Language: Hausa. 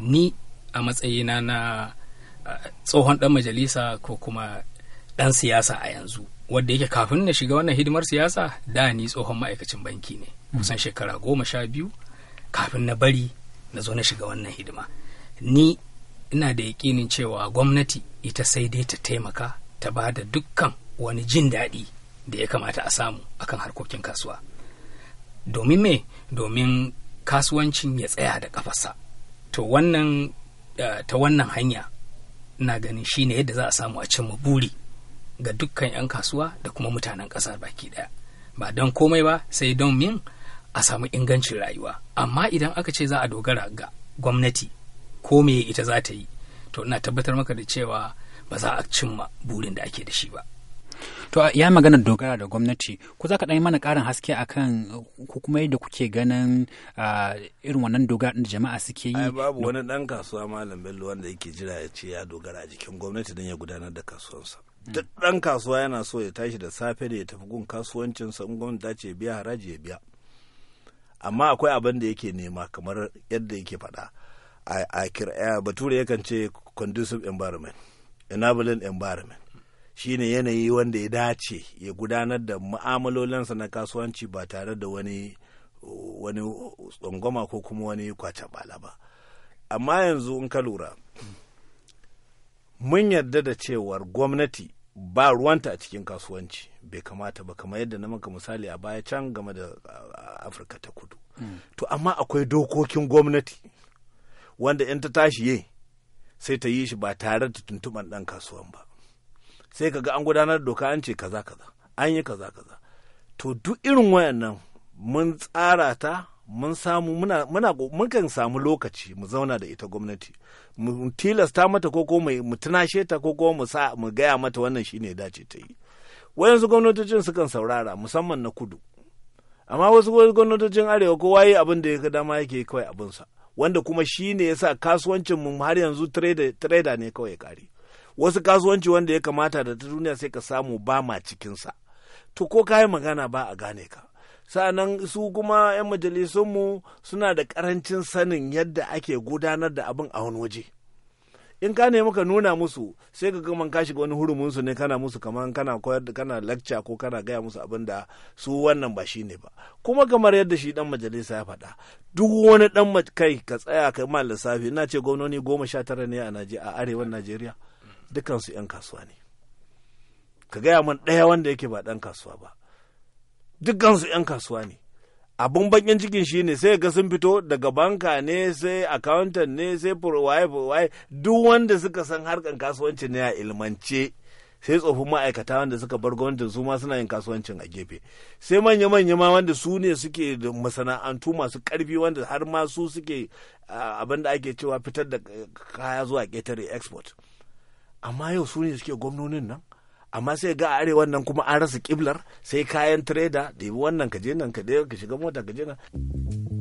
ni a matsayina na tsohon ɗan majalisa ko kuma ɗan siyasa a yanzu wadda yake kafin na shiga wannan hidimar siyasa da ni tsohon ma'aikacin banki ne hmm. kusan shekara goma sha biyu kafin na bari na zo na shiga wannan hidima ni ina da yaƙinin cewa gwamnati ita sai dai ta taimaka ta ba da dukkan wani jin daɗi da ya kamata a samu akan harkokin kasuwa domin me domin kasuwancin ya tsaya da kafarsa to wannan eh, ta wannan hanya na ganin shine yadda za a samu a cimma buri ga dukkan 'yan kasuwa da kuma mutanen ƙasar baki ɗaya ba don komai ba sai don min a samu ingancin rayuwa amma idan aka ce za a dogara ga gwamnati ko me ita za ta yi to ina tabbatar maka da cewa ba za a cimma burin da ake da shi ba To ya magana dogara da gwamnati, ku za ka ɗan mana ƙarin haske a kan uh, kuma yadda kuke ganin uh, irin wannan dogara da jama'a suke yi. Ai babu wani ɗan kasuwa malam Bello wanda yake jira ya ce ya dogara a jikin gwamnati don ya gudanar da kasuwansa. Mm. Duk ɗan kasuwa yana so ya tashi da safe da ya tafi gun kasuwancinsa in gwamnati ta ce biya haraji ya biya. Amma akwai abin da yake nema kamar yadda yake faɗa. A eh, bature yakan ce conducive environment, enabling environment. shine yanayi wanda ya dace ya gudanar da mu'amalolinsa na kasuwanci ba tare da wani wani tsangwama ko kuma wani kwace bala ba amma yanzu in ka lura mun yarda da cewar gwamnati ba ruwanta a cikin kasuwanci bai kamata ba kamar yadda na maka misali a baya can game da afirka ta kudu hmm. to amma akwai dokokin gwamnati wanda in ta tashi ye sai ta yi shi ba tare da tuntuban ɗan kasuwan ba sai ka ga an gudanar doka an ce kaza kaza an yi kaza kaza to duk irin wayannan mun tsara ta mun samu muna muna samu lokaci mu zauna da ita gwamnati mu tilasta mata ko ko mu tunashe ta ko ko mu sa mu gaya mata wannan shine dace ta yi wayansu gwamnatocin sukan saurara musamman na kudu amma wasu gwamnatocin arewa kowa yi abin da ya dama yake kawai sa wanda kuma shi ne ya sa kasuwancin mu har yanzu trader ne kawai kare wasu kasuwanci wanda ya kamata da ta duniya sai ka samu ba ma cikinsa to ko ka yi magana ba a gane ka sa'annan su kuma 'yan majalisunmu suna da karancin sanin yadda ake gudanar da abin a wani waje in ka nemi ka nuna musu sai ka gama ka shiga wani hurumin su ne kana musu kamar kana koyar da kana lacca ko kana gaya musu abin da su wannan ba shi ne ba kuma kamar yadda shi dan majalisa ya faɗa duk wani dan kai ka tsaya kai ma lissafi ina ce gwamnoni goma sha tara ne a arewan najeriya dukansu 'yan kasuwa ne ka gaya min ɗaya wanda yake ba ɗan kasuwa ba dukansu 'yan kasuwa ne abun bakin cikin shi ne sai ga sun fito daga banka ne sai accountant ne sai waye waye duk wanda suka san harkan kasuwanci ne a ilmance sai tsofin ma'aikata wanda suka bar gwamnatin su ma suna yin kasuwancin a gefe sai manya-manya ma wanda su ne suke da masana'antu masu karfi wanda har ma su suke abin ake cewa fitar da kaya zuwa ƙetare export amma yau su ne suke gwamnonin nan amma sai ga arewan nan kuma an rasa kiblar sai kayan tireda da wannan kaje nan ka shiga mota ka je nan